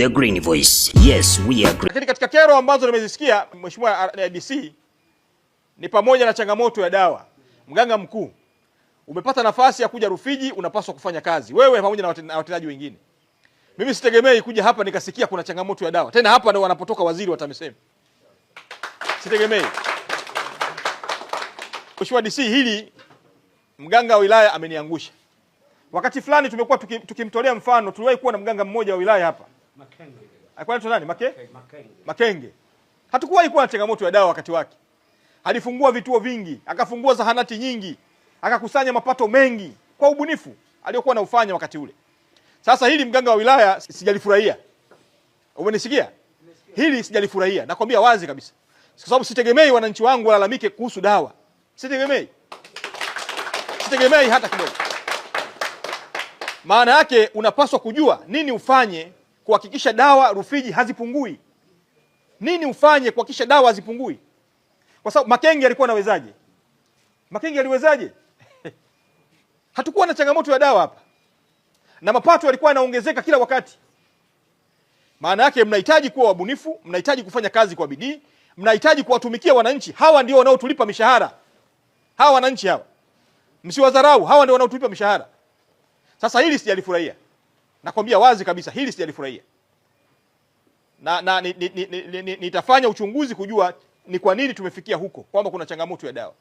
The Green Voice. Yes, we agree. Lakini katika kero ambazo nimezisikia Mheshimiwa ABC ni pamoja na changamoto ya dawa. Mganga mkuu, umepata nafasi ya kuja Rufiji, unapaswa kufanya kazi wewe pamoja na watendaji wengine. Mimi sitegemei kuja hapa nikasikia kuna changamoto ya dawa, tena hapa ndio wanapotoka waziri wa TAMISEMI. Sitegemei Mheshimiwa DC, hili mganga wa wilaya ameniangusha. Wakati fulani tumekuwa tukimtolea tuki mfano, tuliwahi kuwa na mganga mmoja wa wilaya hapa Makenge. Alikuwa ah, anaitwa nani? Make? Makenge. Makenge. Hatukuwahi kuwa na changamoto ya dawa wakati wake. Alifungua vituo vingi, akafungua zahanati nyingi, akakusanya mapato mengi kwa ubunifu aliyokuwa anaufanya wakati ule. Sasa hili mganga wa wilaya sijalifurahia. Umenisikia? Hili sijalifurahia. Nakwambia wazi kabisa. Kwa sababu sitegemei wananchi wangu walalamike kuhusu dawa. Sitegemei. Sitegemei hata kidogo. Maana yake unapaswa kujua nini ufanye kuhakikisha dawa Rufiji hazipungui? Nini ufanye kuhakikisha dawa hazipungui? Kwa sababu Makenge alikuwa anawezaje? Makenge aliwezaje? hatukuwa na changamoto ya dawa hapa, na mapato yalikuwa yanaongezeka kila wakati. Maana yake mnahitaji kuwa wabunifu, mnahitaji kufanya kazi kwa bidii, mnahitaji kuwatumikia wananchi. Hawa ndio wanaotulipa mishahara, hawa wananchi hawa, msiwadharau. Hawa ndio wanaotulipa mishahara. Sasa hili sijalifurahia. Nakwambia wazi kabisa hili sijalifurahia, na, na nitafanya ni, ni, ni, ni uchunguzi kujua ni kwa nini tumefikia huko kwamba kuna changamoto ya dawa,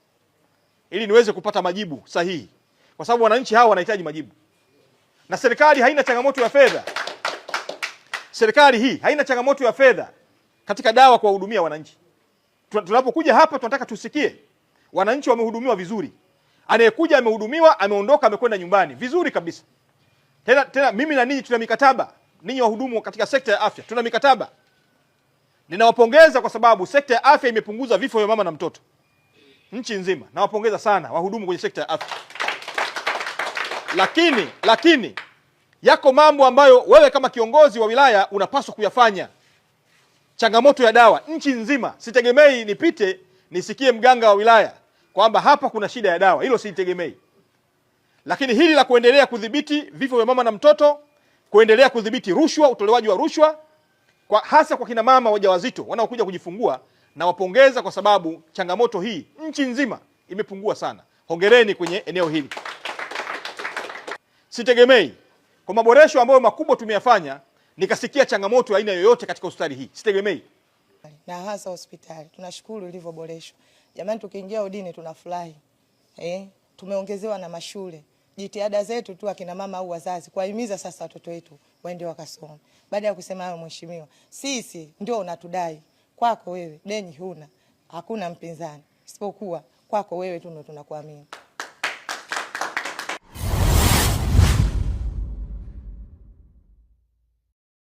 ili niweze kupata majibu sahihi, kwa sababu wananchi hawa wanahitaji majibu, na serikali haina changamoto ya fedha. Serikali hii haina changamoto ya fedha katika dawa kuwahudumia wananchi. Tunapokuja hapa, tunataka tusikie wananchi wamehudumiwa vizuri, anayekuja amehudumiwa, ameondoka, amekwenda nyumbani vizuri kabisa tena, tena, mimi na ninyi tuna mikataba, ninyi wahudumu katika sekta ya afya tuna mikataba. Ninawapongeza kwa sababu sekta ya afya imepunguza vifo vya mama na mtoto nchi nzima, nawapongeza sana wahudumu kwenye sekta ya afya. Lakini lakini yako mambo ambayo wewe kama kiongozi wa wilaya unapaswa kuyafanya. Changamoto ya dawa nchi nzima, sitegemei nipite nisikie mganga wa wilaya kwamba hapa kuna shida ya dawa, hilo sitegemei. Lakini hili la kuendelea kudhibiti vifo vya mama na mtoto, kuendelea kudhibiti rushwa, utolewaji wa rushwa kwa hasa kwa kina mama wajawazito wanaokuja kujifungua, nawapongeza kwa sababu changamoto hii nchi nzima imepungua sana. Hongereni kwenye eneo hili. Sitegemei kwa maboresho ambayo makubwa tumeyafanya nikasikia changamoto aina yoyote katika hospitali hii, sitegemei na hasa hospitali. Tunashukuru ilivyoboreshwa jamani, tukiingia udini tunafurahi eh, tumeongezewa na mashule jitihada zetu tu akina mama au wazazi kuwahimiza sasa watoto wetu waende wakasome. Baada ya kusema hayo, mheshimiwa, sisi ndio unatudai kwako wewe, deni huna, hakuna mpinzani isipokuwa kwako wewe tu, ndio tunakuamini.